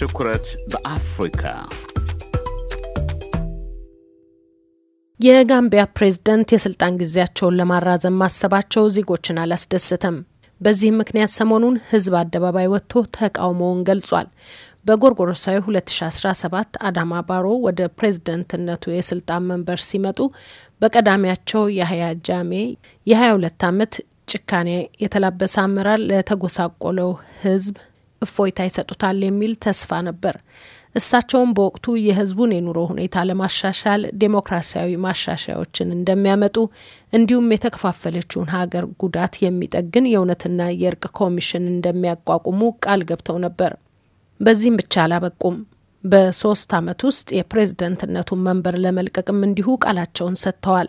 ትኩረት በአፍሪካ የጋምቢያ ፕሬዝደንት የስልጣን ጊዜያቸውን ለማራዘም ማሰባቸው ዜጎችን አላስደስትም። በዚህም ምክንያት ሰሞኑን ህዝብ አደባባይ ወጥቶ ተቃውሞውን ገልጿል። በጎርጎሮሳዊ 2017 አዳማ ባሮ ወደ ፕሬዝደንትነቱ የስልጣን መንበር ሲመጡ በቀዳሚያቸው የሀያ ጃሜ የ22 ዓመት ጭካኔ የተላበሰ አመራር ለተጎሳቆለው ህዝብ እፎይታ ይሰጡታል የሚል ተስፋ ነበር። እሳቸውም በወቅቱ የህዝቡን የኑሮ ሁኔታ ለማሻሻል ዴሞክራሲያዊ ማሻሻያዎችን እንደሚያመጡ እንዲሁም የተከፋፈለችውን ሀገር ጉዳት የሚጠግን የእውነትና የእርቅ ኮሚሽን እንደሚያቋቁሙ ቃል ገብተው ነበር። በዚህም ብቻ አላበቁም። በሶስት ዓመት ውስጥ የፕሬዝደንትነቱን መንበር ለመልቀቅም እንዲሁ ቃላቸውን ሰጥተዋል።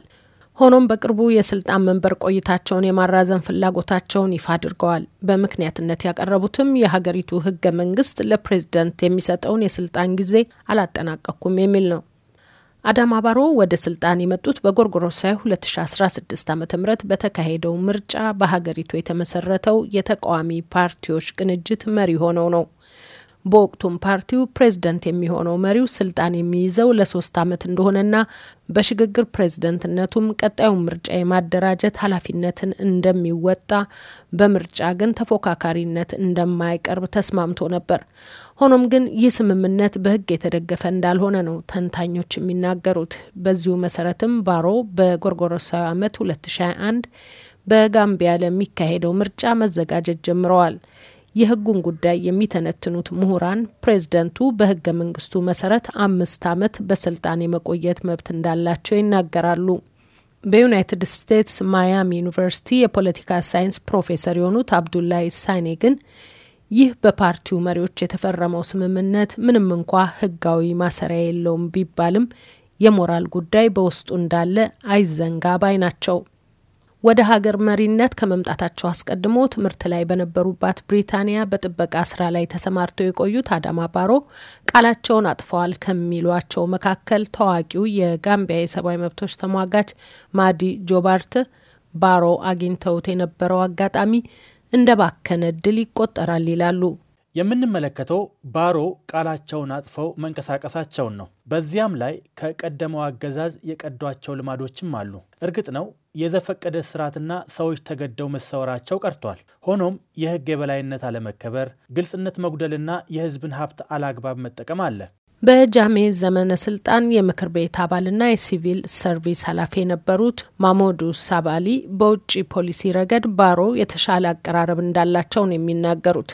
ሆኖም በቅርቡ የስልጣን መንበር ቆይታቸውን የማራዘም ፍላጎታቸውን ይፋ አድርገዋል። በምክንያትነት ያቀረቡትም የሀገሪቱ ህገ መንግስት ለፕሬዝደንት የሚሰጠውን የስልጣን ጊዜ አላጠናቀኩም የሚል ነው። አዳማ ባሮ ወደ ስልጣን የመጡት በጎርጎሮሳዊ 2016 ዓ ም በተካሄደው ምርጫ በሀገሪቱ የተመሰረተው የተቃዋሚ ፓርቲዎች ቅንጅት መሪ ሆነው ነው። በወቅቱም ፓርቲው ፕሬዝደንት የሚሆነው መሪው ስልጣን የሚይዘው ለሶስት ዓመት እንደሆነና በሽግግር ፕሬዝደንትነቱም ቀጣዩን ምርጫ የማደራጀት ኃላፊነትን እንደሚወጣ በምርጫ ግን ተፎካካሪነት እንደማይቀርብ ተስማምቶ ነበር። ሆኖም ግን ይህ ስምምነት በሕግ የተደገፈ እንዳልሆነ ነው ተንታኞች የሚናገሩት። በዚሁ መሰረትም ባሮ በጎርጎሮሳዊ ዓመት 2021 በጋምቢያ ለሚካሄደው ምርጫ መዘጋጀት ጀምረዋል። የህጉን ጉዳይ የሚተነትኑት ምሁራን ፕሬዝደንቱ በህገ መንግስቱ መሰረት አምስት ዓመት በስልጣን የመቆየት መብት እንዳላቸው ይናገራሉ። በዩናይትድ ስቴትስ ማያሚ ዩኒቨርሲቲ የፖለቲካ ሳይንስ ፕሮፌሰር የሆኑት አብዱላይ ሳኔ ግን ይህ በፓርቲው መሪዎች የተፈረመው ስምምነት ምንም እንኳ ህጋዊ ማሰሪያ የለውም ቢባልም የሞራል ጉዳይ በውስጡ እንዳለ አይዘንጋ ባይ ናቸው። ወደ ሀገር መሪነት ከመምጣታቸው አስቀድሞ ትምህርት ላይ በነበሩባት ብሪታንያ በጥበቃ ስራ ላይ ተሰማርተው የቆዩት አዳማ ባሮ ቃላቸውን አጥፈዋል ከሚሏቸው መካከል ታዋቂው የጋምቢያ የሰብአዊ መብቶች ተሟጋች ማዲ ጆባርት ባሮ አግኝተውት የነበረው አጋጣሚ እንደ ባከነ ድል ይቆጠራል ይላሉ። የምንመለከተው ባሮ ቃላቸውን አጥፈው መንቀሳቀሳቸውን ነው። በዚያም ላይ ከቀደመው አገዛዝ የቀዷቸው ልማዶችም አሉ። እርግጥ ነው የዘፈቀደ ስርዓትና ሰዎች ተገደው መሰወራቸው ቀርቷል። ሆኖም የህግ የበላይነት አለመከበር፣ ግልጽነት መጉደልና የህዝብን ሀብት አላግባብ መጠቀም አለ። በጃሜ ዘመነ ስልጣን የምክር ቤት አባልና የሲቪል ሰርቪስ ኃላፊ የነበሩት ማሞዱ ሳባሊ በውጭ ፖሊሲ ረገድ ባሮ የተሻለ አቀራረብ እንዳላቸው ነው የሚናገሩት።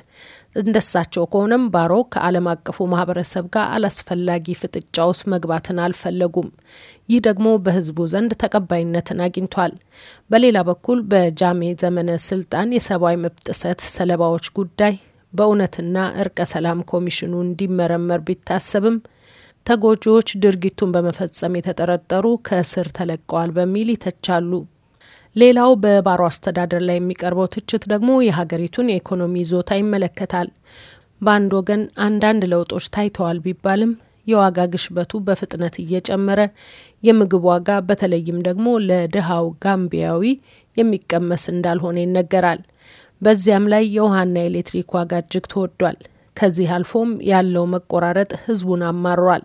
እንደሳቸው ከሆነም ባሮ ከዓለም አቀፉ ማህበረሰብ ጋር አላስፈላጊ ፍጥጫ ውስጥ መግባትን አልፈለጉም። ይህ ደግሞ በህዝቡ ዘንድ ተቀባይነትን አግኝቷል። በሌላ በኩል በጃሜ ዘመነ ስልጣን የሰብአዊ መብት ጥሰት ሰለባዎች ጉዳይ በእውነትና እርቀ ሰላም ኮሚሽኑ እንዲመረመር ቢታሰብም ተጎጂዎች ድርጊቱን በመፈጸም የተጠረጠሩ ከእስር ተለቀዋል በሚል ይተቻሉ። ሌላው በባሮ አስተዳደር ላይ የሚቀርበው ትችት ደግሞ የሀገሪቱን የኢኮኖሚ ይዞታ ይመለከታል። በአንድ ወገን አንዳንድ ለውጦች ታይተዋል ቢባልም የዋጋ ግሽበቱ በፍጥነት እየጨመረ የምግብ ዋጋ በተለይም ደግሞ ለድሃው ጋምቢያዊ የሚቀመስ እንዳልሆነ ይነገራል። በዚያም ላይ የውሃና የኤሌክትሪክ ዋጋ እጅግ ተወዷል። ከዚህ አልፎም ያለው መቆራረጥ ህዝቡን አማሯል።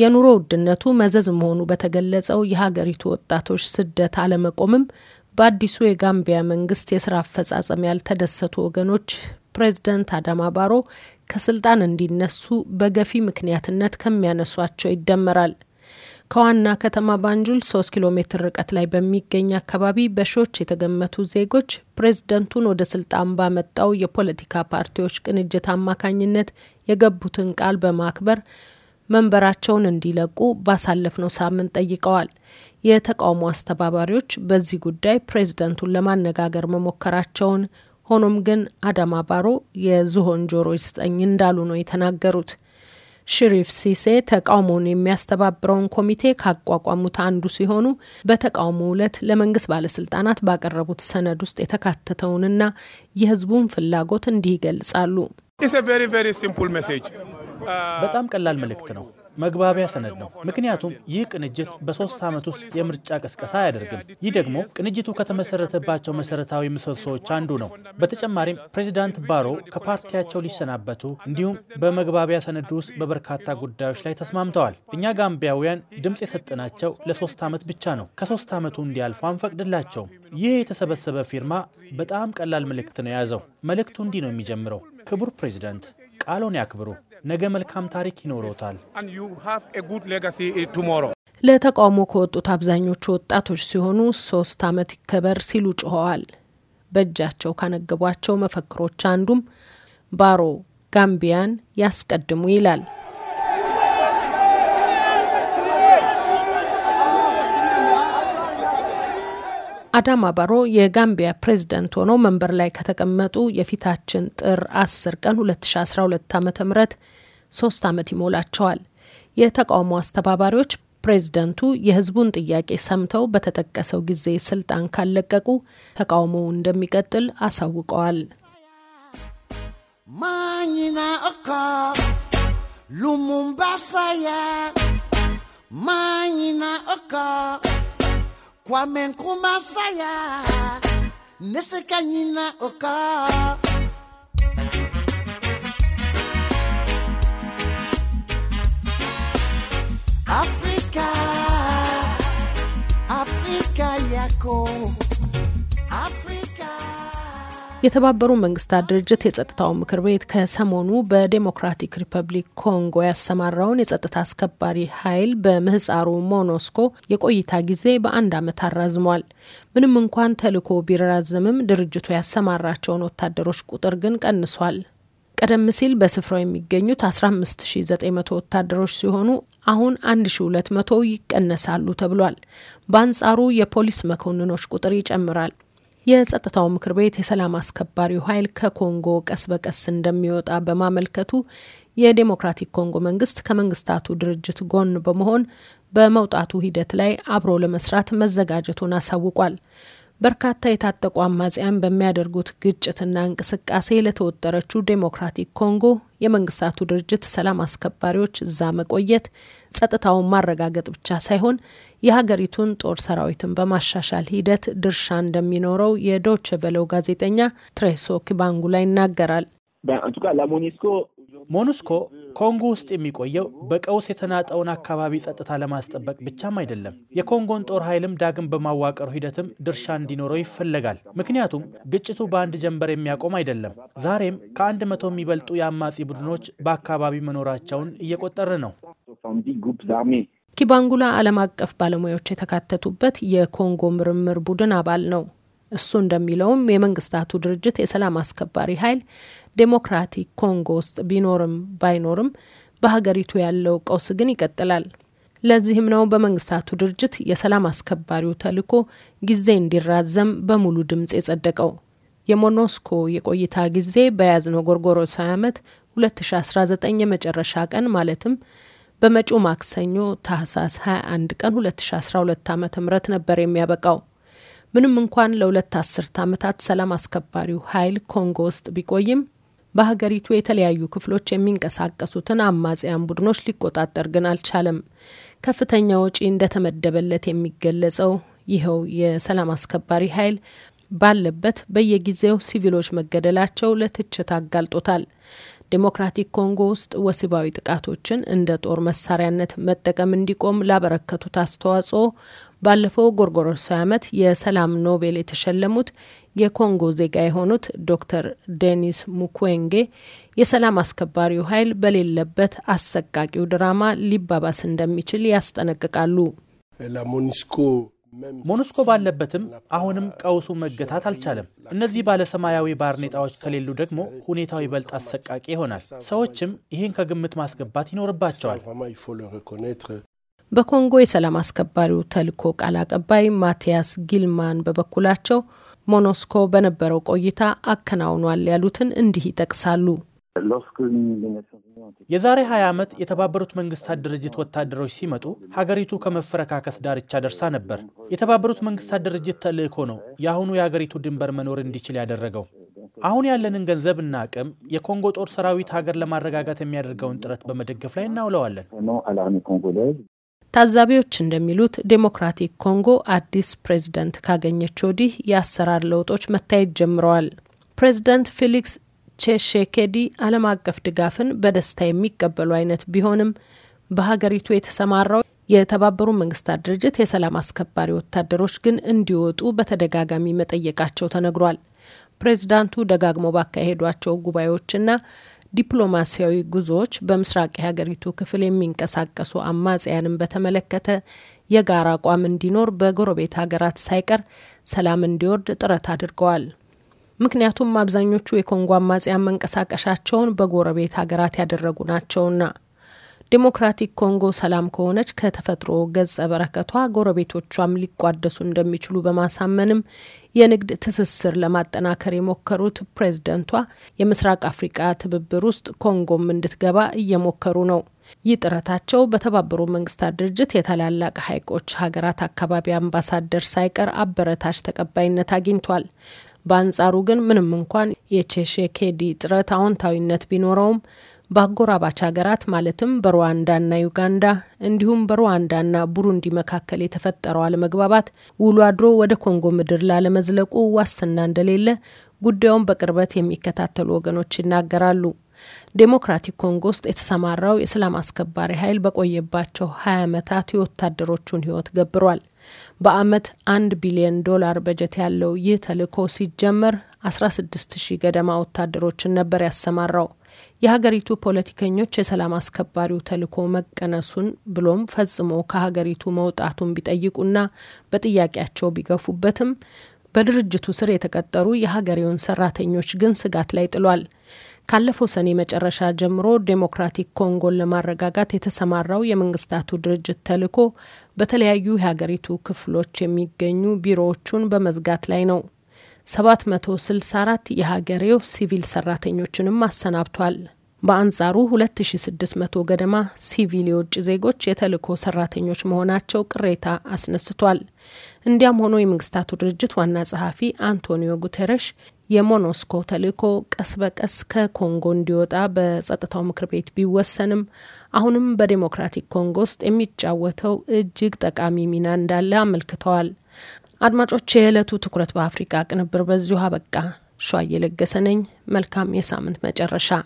የኑሮ ውድነቱ መዘዝ መሆኑ በተገለጸው የሀገሪቱ ወጣቶች ስደት አለመቆምም በአዲሱ የጋምቢያ መንግስት የስራ አፈጻጸም ያልተደሰቱ ወገኖች ፕሬዝደንት አዳማ ባሮ ከስልጣን እንዲነሱ በገፊ ምክንያትነት ከሚያነሷቸው ይደመራል። ከዋና ከተማ ባንጁል ሶስት ኪሎ ሜትር ርቀት ላይ በሚገኝ አካባቢ በሺዎች የተገመቱ ዜጎች ፕሬዝደንቱን ወደ ስልጣን ባመጣው የፖለቲካ ፓርቲዎች ቅንጅት አማካኝነት የገቡትን ቃል በማክበር መንበራቸውን እንዲለቁ ባሳለፍነው ሳምንት ጠይቀዋል። የተቃውሞ አስተባባሪዎች በዚህ ጉዳይ ፕሬዝደንቱን ለማነጋገር መሞከራቸውን፣ ሆኖም ግን አዳማ ባሮ የዝሆን ጆሮ ይስጠኝ እንዳሉ ነው የተናገሩት። ሽሪፍ ሲሴ ተቃውሞውን የሚያስተባብረውን ኮሚቴ ካቋቋሙት አንዱ ሲሆኑ በተቃውሞ ዕለት ለመንግስት ባለስልጣናት ባቀረቡት ሰነድ ውስጥ የተካተተውንና የህዝቡን ፍላጎት እንዲህ ይገልጻሉ። በጣም ቀላል መልእክት ነው፣ መግባቢያ ሰነድ ነው። ምክንያቱም ይህ ቅንጅት በሶስት ዓመት ውስጥ የምርጫ ቅስቀሳ አያደርግም። ይህ ደግሞ ቅንጅቱ ከተመሰረተባቸው መሰረታዊ ምሰሶዎች አንዱ ነው። በተጨማሪም ፕሬዚዳንት ባሮ ከፓርቲያቸው ሊሰናበቱ እንዲሁም በመግባቢያ ሰነዱ ውስጥ በበርካታ ጉዳዮች ላይ ተስማምተዋል። እኛ ጋምቢያውያን ድምፅ የሰጠናቸው ለሶስት ዓመት ብቻ ነው። ከሶስት ዓመቱ እንዲያልፉ አንፈቅድላቸውም። ይህ የተሰበሰበ ፊርማ በጣም ቀላል መልእክት ነው የያዘው። መልእክቱ እንዲህ ነው የሚጀምረው። ክቡር ፕሬዚዳንት ቃሎን ያክብሩ። ነገ መልካም ታሪክ ይኖሮታል። eh, ለተቃውሞ ከወጡት አብዛኞቹ ወጣቶች ሲሆኑ ሶስት ዓመት ይከበር ሲሉ ጮኸዋል። በእጃቸው ካነገቧቸው መፈክሮች አንዱም ባሮ ጋምቢያን ያስቀድሙ ይላል። አዳማ ባሮ የጋምቢያ ፕሬዝደንት ሆነው መንበር ላይ ከተቀመጡ የፊታችን ጥር 10 ቀን 2012 ዓ ም ሶስት ዓመት ይሞላቸዋል። የተቃውሞ አስተባባሪዎች ፕሬዝደንቱ የህዝቡን ጥያቄ ሰምተው በተጠቀሰው ጊዜ ስልጣን ካለቀቁ ተቃውሞው እንደሚቀጥል አሳውቀዋል። ማኝና እኮ ሉሙምባሳያ ማኝና እኮ Kwame Nkrumah saya neseka nyina oka Africa Africa yako የተባበሩ መንግስታት ድርጅት የጸጥታው ምክር ቤት ከሰሞኑ በዴሞክራቲክ ሪፐብሊክ ኮንጎ ያሰማራውን የጸጥታ አስከባሪ ኃይል በምህፃሩ ሞኖስኮ የቆይታ ጊዜ በአንድ ዓመት አራዝሟል። ምንም እንኳን ተልዕኮ ቢራዘምም ድርጅቱ ያሰማራቸውን ወታደሮች ቁጥር ግን ቀንሷል። ቀደም ሲል በስፍራው የሚገኙት 15900 ወታደሮች ሲሆኑ አሁን 1200 ይቀነሳሉ ተብሏል። በአንጻሩ የፖሊስ መኮንኖች ቁጥር ይጨምራል። የጸጥታው ምክር ቤት የሰላም አስከባሪው ኃይል ከኮንጎ ቀስ በቀስ እንደሚወጣ በማመልከቱ የዴሞክራቲክ ኮንጎ መንግስት ከመንግስታቱ ድርጅት ጎን በመሆን በመውጣቱ ሂደት ላይ አብሮ ለመስራት መዘጋጀቱን አሳውቋል። በርካታ የታጠቁ አማጽያን በሚያደርጉት ግጭትና እንቅስቃሴ ለተወጠረችው ዴሞክራቲክ ኮንጎ የመንግስታቱ ድርጅት ሰላም አስከባሪዎች እዛ መቆየት ጸጥታውን ማረጋገጥ ብቻ ሳይሆን የሀገሪቱን ጦር ሰራዊትን በማሻሻል ሂደት ድርሻ እንደሚኖረው የዶች ቬለው ጋዜጠኛ ትሬሶ ኪባንጉላ ይናገራል። ሞኑስኮ ኮንጎ ውስጥ የሚቆየው በቀውስ የተናጠውን አካባቢ ጸጥታ ለማስጠበቅ ብቻም አይደለም። የኮንጎን ጦር ኃይልም ዳግም በማዋቀሩ ሂደትም ድርሻ እንዲኖረው ይፈለጋል። ምክንያቱም ግጭቱ በአንድ ጀንበር የሚያቆም አይደለም። ዛሬም ከአንድ መቶ የሚበልጡ የአማጺ ቡድኖች በአካባቢ መኖራቸውን እየቆጠረ ነው። ኪባንጉላ ዓለም አቀፍ ባለሙያዎች የተካተቱበት የኮንጎ ምርምር ቡድን አባል ነው። እሱ እንደሚለውም የመንግስታቱ ድርጅት የሰላም አስከባሪ ኃይል ዴሞክራቲክ ኮንጎ ውስጥ ቢኖርም ባይኖርም በሀገሪቱ ያለው ቀውስ ግን ይቀጥላል። ለዚህም ነው በመንግስታቱ ድርጅት የሰላም አስከባሪው ተልዕኮ ጊዜ እንዲራዘም በሙሉ ድምፅ የጸደቀው። የሞኖስኮ የቆይታ ጊዜ በያዝነው ጎርጎሮሳዊ ዓመት 2019 የመጨረሻ ቀን ማለትም በመጪው ማክሰኞ ታህሳስ 21 ቀን 2012 ዓ ም ነበር የሚያበቃው። ምንም እንኳን ለሁለት አስርት ዓመታት ሰላም አስከባሪው ኃይል ኮንጎ ውስጥ ቢቆይም በሀገሪቱ የተለያዩ ክፍሎች የሚንቀሳቀሱትን አማጽያን ቡድኖች ሊቆጣጠር ግን አልቻለም። ከፍተኛ ወጪ እንደተመደበለት የሚገለጸው ይኸው የሰላም አስከባሪ ኃይል ባለበት በየጊዜው ሲቪሎች መገደላቸው ለትችት አጋልጦታል። ዴሞክራቲክ ኮንጎ ውስጥ ወሲባዊ ጥቃቶችን እንደ ጦር መሳሪያነት መጠቀም እንዲቆም ላበረከቱት አስተዋጽኦ ባለፈው ጎርጎሮሳዊ ዓመት የሰላም ኖቤል የተሸለሙት የኮንጎ ዜጋ የሆኑት ዶክተር ዴኒስ ሙኩዌንጌ የሰላም አስከባሪው ኃይል በሌለበት አሰቃቂው ድራማ ሊባባስ እንደሚችል ያስጠነቅቃሉ። ሞኑስኮ ባለበትም አሁንም ቀውሱ መገታት አልቻለም። እነዚህ ባለሰማያዊ ባርኔጣዎች ከሌሉ ደግሞ ሁኔታው ይበልጥ አሰቃቂ ይሆናል። ሰዎችም ይህን ከግምት ማስገባት ይኖርባቸዋል። በኮንጎ የሰላም አስከባሪው ተልእኮ ቃል አቀባይ ማቲያስ ጊልማን በበኩላቸው ሞኖስኮ በነበረው ቆይታ አከናውኗል ያሉትን እንዲህ ይጠቅሳሉ። የዛሬ 20 ዓመት የተባበሩት መንግስታት ድርጅት ወታደሮች ሲመጡ ሀገሪቱ ከመፈረካከስ ዳርቻ ደርሳ ነበር። የተባበሩት መንግስታት ድርጅት ተልእኮ ነው የአሁኑ የሀገሪቱ ድንበር መኖር እንዲችል ያደረገው። አሁን ያለንን ገንዘብ እና አቅም የኮንጎ ጦር ሰራዊት ሀገር ለማረጋጋት የሚያደርገውን ጥረት በመደገፍ ላይ እናውለዋለን። ታዛቢዎች እንደሚሉት ዴሞክራቲክ ኮንጎ አዲስ ፕሬዝደንት ካገኘች ወዲህ የአሰራር ለውጦች መታየት ጀምረዋል። ፕሬዝደንት ፊሊክስ ቼሼኬዲ ዓለም አቀፍ ድጋፍን በደስታ የሚቀበሉ አይነት ቢሆንም በሀገሪቱ የተሰማራው የተባበሩ መንግስታት ድርጅት የሰላም አስከባሪ ወታደሮች ግን እንዲወጡ በተደጋጋሚ መጠየቃቸው ተነግሯል። ፕሬዚዳንቱ ደጋግሞ ባካሄዷቸው ጉባኤዎችና ዲፕሎማሲያዊ ጉዞዎች በምስራቅ የሀገሪቱ ክፍል የሚንቀሳቀሱ አማጽያንን በተመለከተ የጋራ አቋም እንዲኖር በጎረቤት ሀገራት ሳይቀር ሰላም እንዲወርድ ጥረት አድርገዋል። ምክንያቱም አብዛኞቹ የኮንጎ አማጽያን መንቀሳቀሻቸውን በጎረቤት ሀገራት ያደረጉ ናቸውና። ዲሞክራቲክ ኮንጎ ሰላም ከሆነች ከተፈጥሮ ገጸ በረከቷ ጎረቤቶቿም ሊቋደሱ እንደሚችሉ በማሳመንም የንግድ ትስስር ለማጠናከር የሞከሩት ፕሬዝደንቷ የምስራቅ አፍሪቃ ትብብር ውስጥ ኮንጎም እንድትገባ እየሞከሩ ነው። ይህ ጥረታቸው በተባበሩ መንግስታት ድርጅት የታላላቅ ሐይቆች ሀገራት አካባቢ አምባሳደር ሳይቀር አበረታች ተቀባይነት አግኝቷል። በአንጻሩ ግን ምንም እንኳን የቼሼኬዲ ጥረት አዎንታዊነት ቢኖረውም በአጎራባች ሀገራት ማለትም በሩዋንዳና ዩጋንዳ እንዲሁም በሩዋንዳና ቡሩንዲ መካከል የተፈጠረው አለመግባባት ውሎ አድሮ ወደ ኮንጎ ምድር ላለመዝለቁ ዋስትና እንደሌለ ጉዳዩን በቅርበት የሚከታተሉ ወገኖች ይናገራሉ። ዴሞክራቲክ ኮንጎ ውስጥ የተሰማራው የሰላም አስከባሪ ኃይል በቆየባቸው 20 ዓመታት የወታደሮቹን ሕይወት ገብሯል። በአመት አንድ ቢሊዮን ዶላር በጀት ያለው ይህ ተልዕኮ ሲጀመር 16 ሺህ ገደማ ወታደሮችን ነበር ያሰማራው። የሀገሪቱ ፖለቲከኞች የሰላም አስከባሪው ተልኮ መቀነሱን ብሎም ፈጽሞ ከሀገሪቱ መውጣቱን ቢጠይቁና በጥያቄያቸው ቢገፉበትም በድርጅቱ ስር የተቀጠሩ የሀገሬውን ሰራተኞች ግን ስጋት ላይ ጥሏል። ካለፈው ሰኔ መጨረሻ ጀምሮ ዴሞክራቲክ ኮንጎን ለማረጋጋት የተሰማራው የመንግስታቱ ድርጅት ተልዕኮ በተለያዩ የሀገሪቱ ክፍሎች የሚገኙ ቢሮዎቹን በመዝጋት ላይ ነው። 764 የሀገሬው ሲቪል ሰራተኞችንም አሰናብቷል። በአንጻሩ 2600 ገደማ ሲቪል የውጭ ዜጎች የተልዕኮ ሰራተኞች መሆናቸው ቅሬታ አስነስቷል። እንዲያም ሆኖ የመንግስታቱ ድርጅት ዋና ጸሐፊ አንቶኒዮ ጉተረሽ የሞኖስኮ ተልዕኮ ቀስ በቀስ ከኮንጎ እንዲወጣ በጸጥታው ምክር ቤት ቢወሰንም አሁንም በዴሞክራቲክ ኮንጎ ውስጥ የሚጫወተው እጅግ ጠቃሚ ሚና እንዳለ አመልክተዋል። አድማጮች፣ የዕለቱ ትኩረት በአፍሪቃ ቅንብር በዚሁ አበቃ። ሸ እየለገሰ ነኝ። መልካም የሳምንት መጨረሻ